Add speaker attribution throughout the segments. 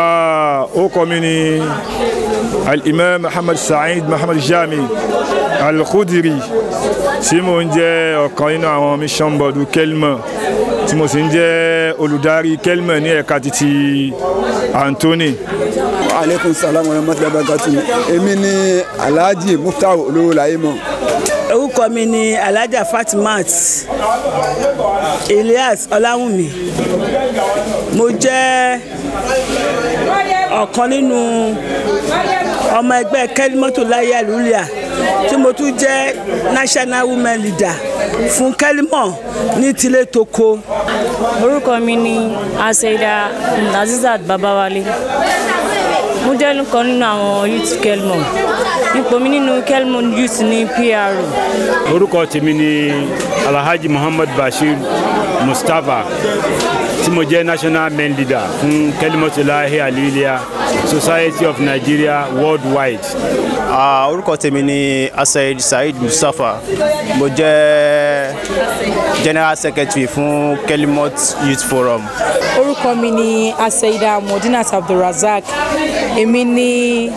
Speaker 1: orúkọ mi ni al-imam muhammad sa'id muhammad jami al-khudiri tí mò ń jẹ́ ọ̀kan nínú àwọn mission board kelma tí mo sì ń jẹ́ olùdarí kelman ní ẹ̀ka títí Anthony. aleykum salaam wa rahmatulahi wa barakatuh èmi ni alhaji muftau
Speaker 2: olówó láyé mọ. orúkọ mi ni alhaja fatimat elias ọláwùmí mo jẹ́ ọ̀kan nínú ọmọ ẹgbẹ́ kẹ́límọ́tò láyé àlùlíà tí mo tún jẹ́ national women leader fún kẹ́límọ̀ ní tilé toko. orúkọ mi ni aseida Azizat Babawale mo jẹ́ nǹkan nínú àwọn youth kelmon ipò mi nínú Kelmo youth ní PR.
Speaker 1: orúkọ tèmi ni alhaji muhammad bashir mustapha tí mo jẹ́ national men leader fún kelmotulahi
Speaker 3: alilia society of nigeria worldwide. Uh, orúkọ tèmi ni asaid said mustapha mo jẹ́ general secretary fún Kelmo youth forum
Speaker 2: orúkọ mi ni Aseida Modinat Abdulrazak èmi ni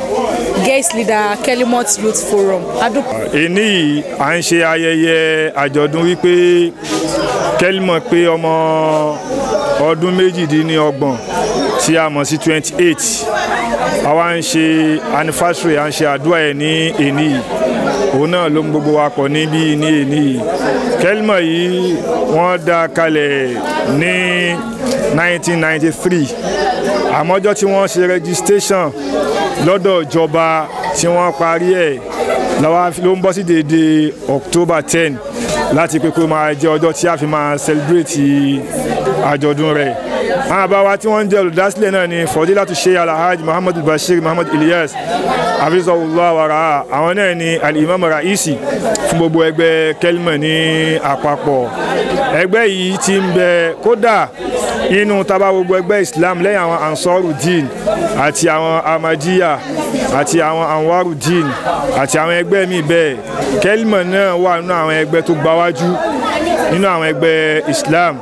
Speaker 2: guest leader Kelimot Youth Forum.
Speaker 1: èní à ń ṣe ayẹyẹ àjọ̀dún wípé Kelimot pé ọmọ ọdún méjìdínlọ́gbọ̀n tí a mọ̀ sí twenty eight àwa ń ṣe anniversary à ń ṣe àdúrà ẹ̀ ní èní yìí òun náà ló ń gbogbo wa pọ̀ níbí ní èní yìí Kelimot yìí wọ́n dá kalẹ̀ ní. 1993 àmọ́jọ́ tí wọ́n ṣe registration lọ́dọ̀ ìjọba tí wọ́n parí ẹ̀ ló ń bọ́ sí dédé October 10 láti pé kó máa jẹ́ ọjọ́ tí a fi máa celebrate àjọ̀dún rẹ̀ àwọn àbá wa tí wọ́n ń jẹ́ olùdásílẹ̀ náà ni fọdílátù sheikh alhaji muhammadu bashir muhammad ilyas afisahullah wara àwọn náà ni alimami raisi fún gbogbo ẹgbẹ́ kelma ní àpapọ̀ ẹgbẹ́ yìí ti ń bẹ kódà inú taba gbogbo ẹgbẹ́ islam lẹ́yìn àwọn ansoru din àti àwọn amadiya àti àwọn anwaru din àti àwọn ẹgbẹ́ mi bẹ́ẹ̀ kelma náà wà nínú àwọn ẹgbẹ́ tó gbáwájú nínú àwọn ẹgbẹ́ Islam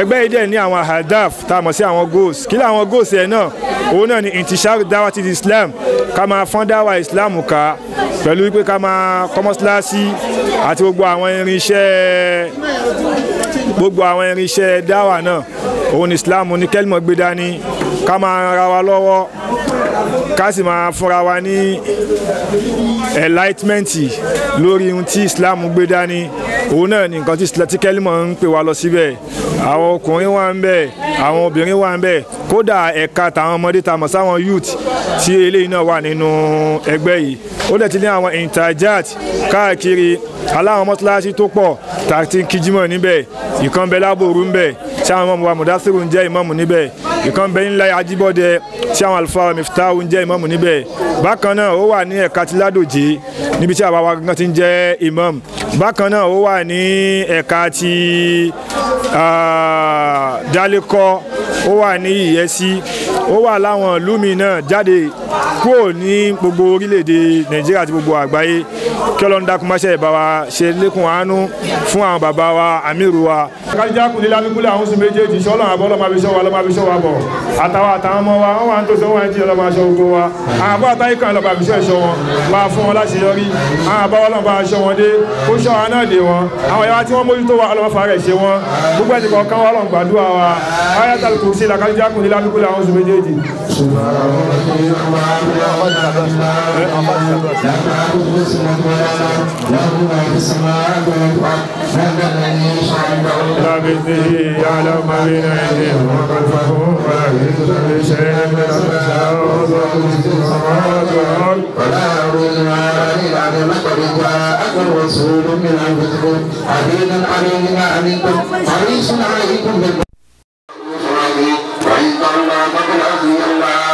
Speaker 1: ẹgbẹ́ yìí dẹ̀ ní àwọn hadaf tá a mọ̀ sí àwọn goals kí làwọn goals yẹn náà òun náà ni intisharu dawati Islam ká máa fọ́n dáwà Islam ká pẹ̀lú wípé ká máa kọ́mọ́síláṣí àti gbogbo àwọn irinṣẹ́ gbogbo àwọn irinṣẹ́ dáwà náà òun Islam ní kẹ́lìmọ̀ gbé dání ká máa ra wa lọ́wọ́ ká sì máa fúnra wa ní enlightenment lórí ohun tí Islam gbé dání òun náà ni nǹkan tí kẹ́límọ̀ ń pè wá lọ síbẹ̀ àwọn ọkùnrin wà ń bẹ̀ àwọn obìnrin wà ń bẹ̀ kódà ẹ̀ka tàwọn ọmọdé ta sáwọn youth tí eléyìí náà wà nínú ẹgbẹ́ yìí ó dẹ̀ ti ní àwọn interjat káàkiri aláwọn mọ́tíláṣí tó pọ̀ tàbí kìjìmọ̀ níbẹ̀ ìkànnbẹ̀ lábòrú níbẹ̀ tí àwọn ọmọ wa mọ̀dásírù ń jẹ́ ìmáàmù níbẹ̀ ìkan bẹ ńlá ajíbọ́dẹ tí àwọn àlùfáà Miftahu ń jẹ́ ìmáàmù níbẹ̀ bákan náà ó wà ní ẹ̀ka ti Ládòjé níbi tí àwa wa gangan ti ń jẹ́ ìmáàmù bákan náà ó wà ní ẹ̀ka ti Dálékọ́ ó wà ní Ìyẹ́sí ó wà láwọn ìlú náà jáde kúrò ní gbogbo orílẹ̀-èdè nàìjíríà àti gbogbo àgbáyé kí ọlọ́run dákun máṣẹ́ ìbá wa ṣe lékun àánú fún àwọn bàbá wa àmírù wa. kájíjá kùnlé lábíkúlẹ̀ àwọn oṣù méjèèjì ṣọ́ ọlọ́run àbọ̀ ọlọ́mọ abiṣọ́ wa ọlọ́mọ abiṣọ́ wa bọ̀ àtàwọn àtàwọn ọmọ wa wọn wà ń tòṣe wọn àti ọlọ́mọ aṣọ gbogbo wa àwọn àbọ̀ àtàyè kan ọlọ́mọ abiṣọ́ ẹ̀ṣọ́ wọn bá a fún wọn láṣeyọrí àwọn àbọ̀ ọlọ́mọ aṣọ wọn dé kó ṣọ́ àwọn náà dé wọn àwọn لا بإذنه يعلم ما بين أيديهم وقد
Speaker 3: فهموا ولا يحيطون بشيء من الأسماء والسماوات والأرض ولا يعود ما إلى لقد جاءكم رسول من أنفسكم عزيز عليه ما أنتم حريص عليكم بالمؤمنين الله الله الله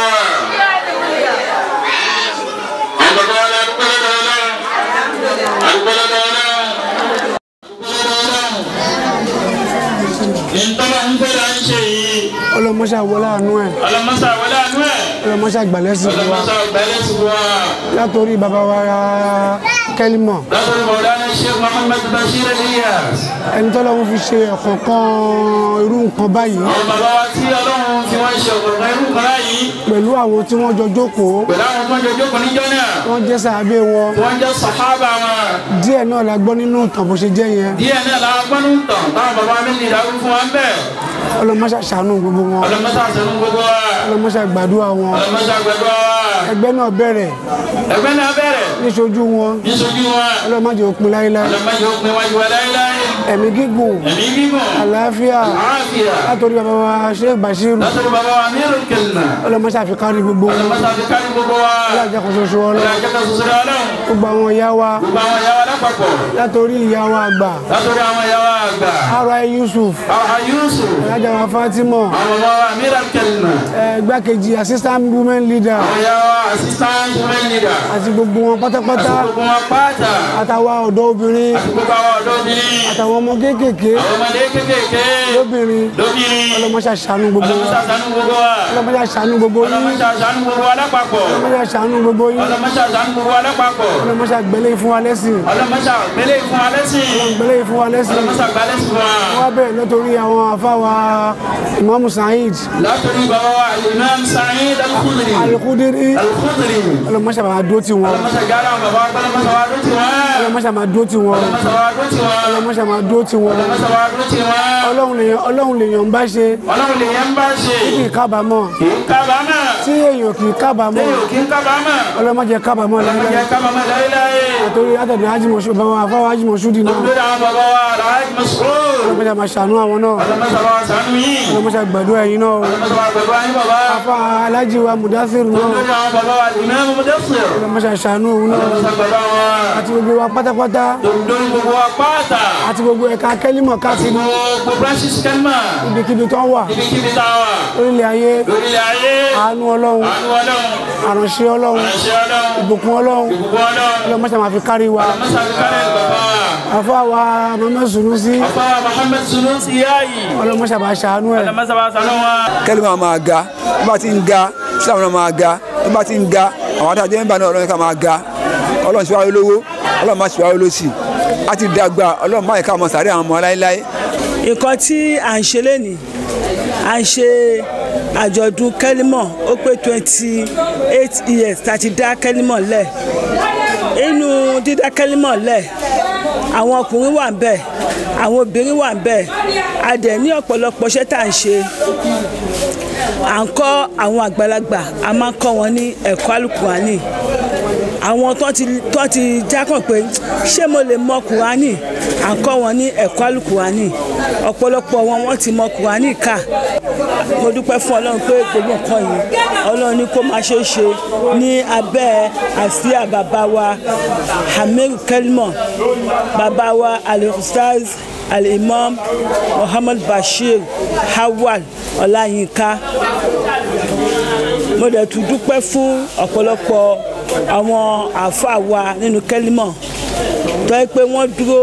Speaker 4: ọlọmọṣà wọlé àánú ẹ. ọlọmọṣà wọlé àánú ẹ. ọlọmọṣà gbalẹsì fún wa. ọlọmọṣà gbalẹsì fún wa. látòrí bàbá wa ra kẹlímọ. látòrí bàbá wa ṣe Muhammad Bashir Elias. ẹni fi ṣe ọ̀kọ̀ọ̀kan irú nǹkan báyìí. àwọn bàbá wa tí ọlọ́run fi wọ́n ṣe irú nǹkan báyìí. pẹ̀lú àwọn tí wọ́n jọ jókòó. pẹ̀lú àwọn tí wọ́n jọ jókòó níjọ́ náà. wọ́n jẹ́ sàábé wọn. wọ́n jẹ́ sàhábà wọn. díẹ̀ náà la gbọ́ nínú ìtàn bó ṣe jẹ́ yẹn. díẹ̀ náà la gbọ́ nínú ìtàn táwọn bàbá mi nìyàwó fún wa ń ọlọmọṣà ṣàánú gbogbo wọn ọlọmọṣà ṣàánú gbogbo wa ọlọmọṣà gbàdúrà wọn ọlọmọṣà gbàdúrà wa ẹgbẹ́ náà bẹ̀rẹ̀ ẹgbẹ́ náà bẹ̀rẹ̀ níṣojú wọn níṣojú òpin láéláé ọlọmọdé wa láéláé ẹ̀mí gígùn ẹ̀mí gígùn àlàáfíà àlàáfíà látòrí bàbá wa Sheikh Bashiru látòrí bàbá wa Amirul Kalima ọlọmọṣà fi kárí gbogbo wọn ọlọmọṣà fi kárí gbogbo wa alájàkóso gbogbo àwọn ìyá wa gbogbo àwọn ìyá wa lápapọ̀ látòrí ìyá wa àgbà látòrí àwọn ìyá wa àgbà Yusuf ara Yusuf alájà wa Fatima. àwọn ọmọ amiral kalima. ẹ gbákejì assistant women leader. àwọn yàrá assistant women leader. àti gbogbo wọn pátápátá. àti gbogbo wọn pátá. àtàwọn ọ̀dọ́ obìnrin. àti gbogbo
Speaker 3: àwọn ọ̀dọ́ obìnrin.
Speaker 4: àtàwọn ọmọ kéékèèké. àwọn ọmọdé kéékèèké. lóbìnrin. lóbìnrin. ọlọmọṣà ṣàánú gbogbo wa. ọlọmọṣà ṣàánú gbogbo wa. ọlọmọṣà ṣàánú gbogbo yín. ọlọmọṣà ṣàánú gbogbo alápapọ̀. ọlọmọṣà ṣàánú gbogbo yín. ọlọmọṣà ṣàánú gbogbo alápapọ̀. ọlọmọṣà gbélé fún wa lẹ́sìn. ọlọmọṣà gbélé fún wa lẹ́sìn. ọlọmọṣà gbélé fún wa lẹ́sìn. ọlọmọṣà gbálẹ́sìn fún wa. wọ́n bẹ̀rẹ̀ lọ́tọ̀rí àwọn àfáwà imaamu saciid. látọ̀rí bàbá wa imaamu saciid alkhudri. alkhudri. alkhudri. alamasa bàbá dó ti wọn. alamasa jaara bàbá alamasa bàbá dó ti wọn. alamasa bàbá dó ti wọn. alamasa bàbá dó ti wọn. alamasa bàbá dó ti wọn. ọlọ́run lèyàn ọlọ́run lèyàn bá ṣe. ọlọ́run lèyàn bá ṣe. kì í kábàámọ̀. kì í kábàámọ̀. tí èèyàn kì í kábàámọ̀. tí èèyàn kì í kábàámọ̀. ọlọ́mọdé kábàámọ̀ láyé àtòrí àtàdé ajímọ̀ṣú bàbá wa fáwọn ajímọ̀ṣú dì náà. ọlọ́mọdé àwọn bàbá wa ajímọ̀ṣú. ọlọ́mọdé àmàṣàánú àwọn náà. ọlọ́mọdé àwọn ọlọmọṣà gbàdúrà yín náà afa alhaji wa mudasir náà ọlọmọṣà ṣàánú òun náà àti gbogbo wa pátápátá àti gbogbo ẹ̀ka kẹ́límọ̀ káàkiri ibikíbi tó wà lórílẹ̀ ayé àánú ọlọ́run àránṣẹ́ ọlọ́run ìbùkún ọlọ́run ọlọmọṣà máa fi kárí wa afa wa mama sunusi ọlọmọṣà bá ṣàánú ẹ̀. kẹ́lí máa ga tó bá ti ń ga islam náà máa ga tó bá ti ń ga àwọn àtàjẹ́ mẹ́bà náà ọlọ́run
Speaker 2: ká máa ga ọlọ́run ṣe wá lówó ọlọ́run má ṣe wá lọ́sì á ti dàgbà ọlọ́run má yẹ ká mọ sàárẹ̀ àwọn ọmọ láéláé. nǹkan tí à ń ṣe lénìí à ń ṣe àjọ̀dún kẹ́límọ̀ ó pé twenty eight years tá a ti dá kẹ́límọ̀ lẹ̀ inú dídá àwọn ọkùnrin wà ń bẹ̀ àwọn obìnrin wà ń a dẹ̀ ní ọ̀pọ̀lọpọ̀ iṣẹ́ tá à ń ṣe à ń kọ́ àwọn àgbàlagbà a máa ń kọ́ wọn ní ẹ̀kọ́ alukurani àwọn tó ti tó ti jákàn pé ṣé mo lè mọ kùránì à ń kọ́ wọn ní ẹ̀kọ́ alukurani ọ̀pọ̀lọpọ̀ wọn wọ́n ti mọ kùránì kà mo dúpẹ́ fún ọlọ́run pé gbogbo nǹkan yìí ọlọ́run ní kó máa ṣe é ṣe ní abẹ́ àsíá bàbá wa hamid kelman bàbá wa alustaz alimam muhammad bashir hawal ọláyínká mo dẹ̀ tún dúpẹ́ fún ọ̀pọ̀lọpọ̀ àwọn àáfàá wa nínú kẹ́límọ̀ tó yẹ pé wọ́n dúró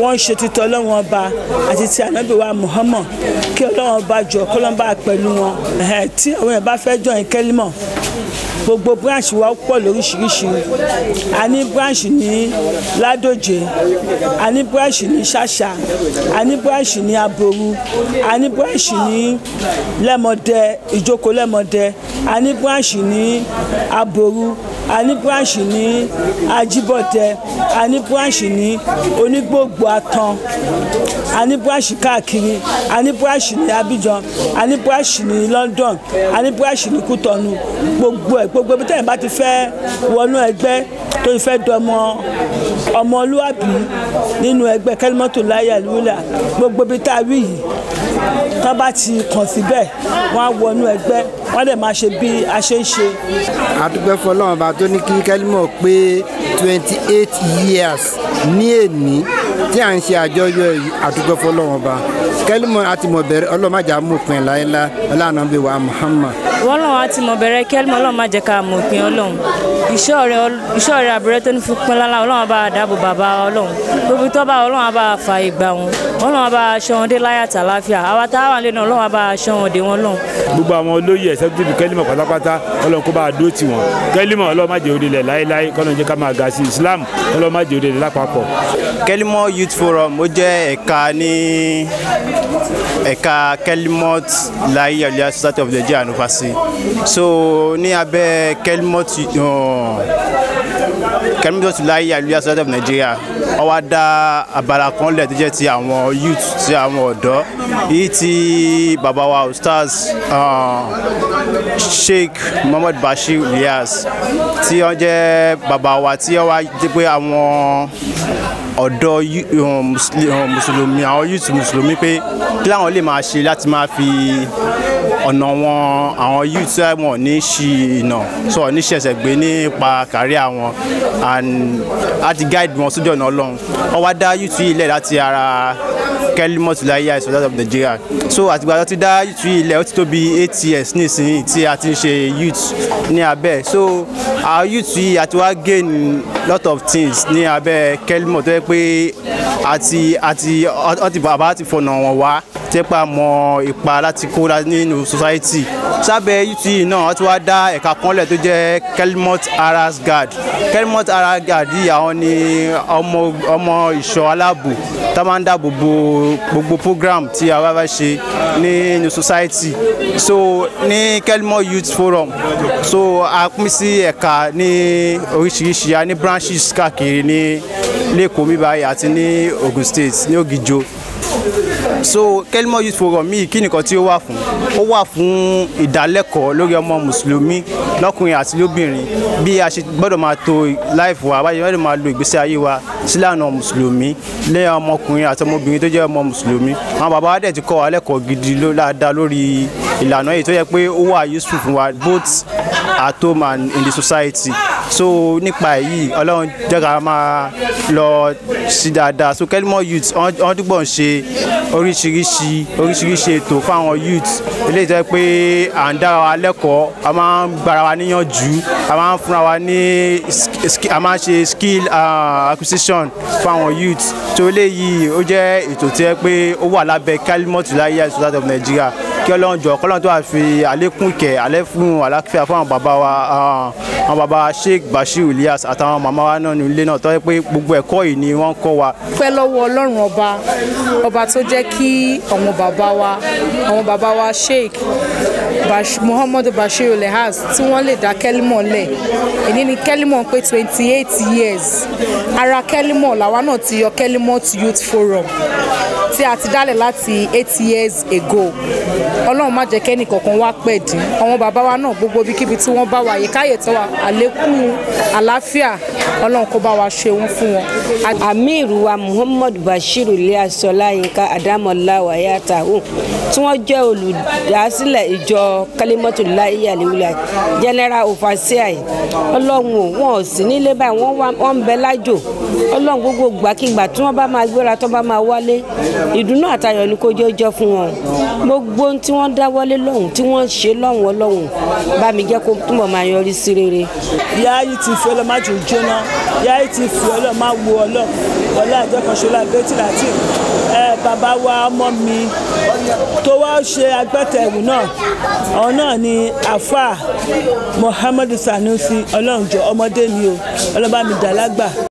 Speaker 2: wọ́n ń ṣe tuntun ọlọ́run ọba àti ti ànábì wa Muhammad kí ọlọ́run ọba jọ kọ́lọ́mbà pẹ̀lú wọn tí àwọn èèyàn bá fẹ́ jọ ìkẹ́límọ̀ gbogbo branch wa pọ̀ lóríṣiríṣi a ní branch ní Ládòjé a ní branch ní Ṣàṣà a ní branch ní Aboru a ní branch ní Lẹ́mọdẹ Ìjókòó Lẹ́mọdẹ a ní branch ní Aboru a ní branch ní Ajíbọ̀tẹ a ní branch ní Onígbò gbogbo atan a ní búrọ́ọ̀ṣì káàkiri a ní búrọ́ọ̀ṣì ní Abidjan a ní búrọ́ọ̀ṣì ní London a ní búrọ́ọ̀ṣì ní Kútọ́nù gbogbo ẹ̀ gbogbo ibi tẹ́yìn bá ti fẹ́ wọnú ẹgbẹ́ tó fẹ́ dọmọ ọmọlúwàbí nínú ẹgbẹ́ kẹ́límọ́tò láyé àlùwílà gbogbo bí tá a wí yìí tán bá ti kàn síbẹ̀ wọ́n á wọnú ẹgbẹ́ wọ́n dẹ̀ máa ṣe bí a ṣe ń ṣe. àdúgbò fọlọ́run bá tó ní kí
Speaker 3: kẹ́límọ̀ pé twenty eight years ní èní tí à ń ṣe àjọyọ̀ àdúgbò fọlọ́run bá kẹlímọ àti mọ bẹ̀rẹ̀ ọlọmọdé amúpin láyélá
Speaker 2: ọlànà bíi wa Muhammad. wọn lọ àti mọ bẹ̀rẹ̀ kẹlímọ Ọlọ́run má jẹ́ ká amúpin Ọlọ́run iṣẹ́ ọ̀rẹ́ abẹrẹ tó ní fún pín lálá Ọlọ́run bá dáàbò bàbá Ọlọ́run gbogbo tó bá Ọlọ́run bá fa ìgbà wọn Ọlọ́run bá aṣọ wọn dé láyà tàlàáfíà àwa táwọn lẹ́nu Ọlọ́run bá aṣọ wọn dé wọn lọ́hùn.
Speaker 1: gbogbo àwọn olóyè ẹ̀sẹ̀ tó ti kẹ́límọ̀ pátápátá Ọlọ́run kó bá a dó tiwọn kẹ́límọ̀ Ọlọ́run òde lẹ̀
Speaker 3: láéláé kọ́lọ́run jẹ́ ká máa ga sí Islam Ọlọ́run má jẹ́ òde lẹ̀ lápapọ̀. kẹ́límọ̀ Youth Forum ó jẹ́ ẹ̀ka ní ẹ̀ka Kelmot Lai Aliyah Society of Nigeria and Overseas so ní abẹ́ Kelmot uh, Kelmot Lai Aliyah Society of Nigeria wọ́n wá dá abala kan lẹ̀ tó jẹ́ ti àwọn youth ti àwọn ọ̀dọ́ yìí ti bàbá wa ustaz uh, Sheikh Muhammad Bashir Ilyas tí wọ́n jẹ́ bàbá wa tí wọ́n wá jẹ́ pé àwọn ọ̀dọ́ um, um, mùsùlùmí àwọn youth mùsùlùmí pé kí làwọn lè máa ṣe láti máa fi ọ̀nà wọn àwọn youth tí wọ́n ní ṣì ìnà sọ ní ṣẹ̀ṣẹ̀ gbé nípa kárí àwọn and láti guide wọn sójú ọ̀nà ọlọ́run wọ́n wá dá youth yìí lẹ̀ láti ara Kalimot Iláyá is Father of Nigeria so àtìgbà tó ti dá youth yìí lẹ̀ ó ti tó bí eight years nísìnyí tí a ti ń ṣe youth ní abẹ́ so our youth yìí àti wá gain lot of things ní abẹ́ Kalimot tó yẹ pé àti àti ọtí bàbá ti fọ̀nà wọn wá tẹ́ pa mọ ipa láti kó nínú society sábẹ́ youth yìí náà wọ́n ti wá dá ẹ̀ka kanlẹ̀ tó jẹ́ Kalimot Aras Guard Kalimot Aras Guard yìí àwọn ni ọmọ ọmọ ìṣọ́ aláàbò tá máa ń dáàbò bo gbogbo program tí a bá fẹ́ ṣe ní new society so ní Kelmo Youth Forum so a pín sí ẹ̀ka ní oríṣiríṣi a ní branches káàkiri ní lẹ́kọ̀ọ́ mi báyìí àti ní Ogun State ní Ògìjò so kelmo youth forum yìí kí nìkan tí ó wà fún ó wà fún ìdálẹ́kọ̀ọ́ lórí ọmọ mùsùlùmí lọ́kùnrin àti lóbìnrin bí a ṣe gbọ́dọ̀ máa to life wa báyìí gbọ́dọ̀ máa lo ìgbésí ayé wa sílànà mùsùlùmí lẹ́yìn ọmọkùnrin àti ọmọbìnrin tó jẹ́ ọmọ mùsùlùmí àwọn bàbá wa dẹ̀ ti kọ́ wa lẹ́kọ̀ọ́ gidi dáadáa lórí ìlànà yìí tó yẹ pé ó wà useful fún wa both at home and in the society so nípa èyí ọlọ́run jẹ́ ká máa lọ sí dáadáa so Kẹ́límọ̀ youth wọ́n dúpọ̀ ń ṣe oríṣiríṣi oríṣiríṣi ètò fáwọn youth eléyìí jẹ́ pé à ń dára wa lẹ́kọ̀ọ́ a máa ń gbára wa níyànjú a máa ń fúnra wa ní a máa ń ṣe skill acquisition fáwọn youth so eléyìí ó jẹ́ ètò tí jẹ́ pé ó wà lábẹ́ Kẹ́límọ̀ Youth Society of Nigeria kí ọlọ́run jọ kọ́lọ́run tó wà fi àlékún ìkẹ́ àlékún àlàáfíà fún àwọn bàbá wa àwọn bàbá Sheikh Bashir Ilyas àtàwọn màmá wa náà nílé náà tó pé gbogbo ẹ̀kọ́ yìí ni wọ́n kọ́ wa.
Speaker 2: pẹ́ lọ́wọ́ ọlọ́run ọba ọba tó jẹ́ kí àwọn bàbá wa àwọn bàbá wa Sheikh Muhammadu Bashir Ilyas tí wọ́n lè dá kẹ́límọ̀ lẹ̀ èyí ni kẹ́límọ̀ pé twenty eight years ara kẹ́límọ̀ làwa náà ti yọ kẹ́límọ̀ youth forum tí a ti dálẹ̀ láti eight years ago ọlọ́run má jẹ́ kẹ́nì kọ̀ọ̀kan wá pẹ̀ dín àwọn bàbá wa náà gbogbo ibikíbi tí wọ́n bá wà yìí káyè tó wà àlékún àlàáfíà ọlọ́run kó bá wa ṣe wọ́n fún wọn. amiru wa muhammad bashir ilé-aṣọlá yinka adamola wayatahu tí wọ́n jẹ́ olùdásílẹ̀ ìjọ kálímọ́tòlá ìyàlẹ́wìlà general overseer ọlọ́run ò wọ́n ò sí nílé báyìí wọ́n ń bẹ lájò ọlọ́run gbogbo gbàkigbà tí wọ́n bá máa gbéra tó bá máa wálé ìdùnnú àtayọ̀ ni kó jẹ́ jẹ́ fún wọn gbogbo tí wọ́n dáwọ́lé lọ́hùn tí wọ́n ṣe lọ́hùn ọlọ́hùn bá mi jẹ́ kó túbọ̀ máa yọrí sí rere. ìyá yìí ti fi ọlọ́mọ àjò jóná ìyá yìí ti fi ọlọ́mọ àwo ọlọ́run ọlá àjọkànṣọlá bẹ́tì láti ẹ bàbá wa ọmọ mi tó wá ṣe agbátẹrù náà ọ̀hún náà ni afa Muhammadu Sanusi ọlọ́run jọ ọmọdé mi o ọlọ́ba mi dàlágbà.